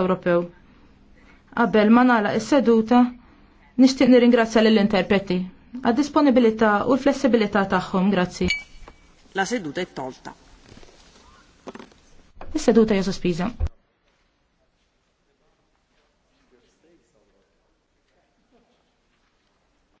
Ewropew. Qabel ma nagħlaq is-seduta, nixtieq nirringrazzja lill-interpreti għad-disponibilità u l-flessibilità tagħhom, grazzi. La seduta è tolta. Is-seduta hija sospiża.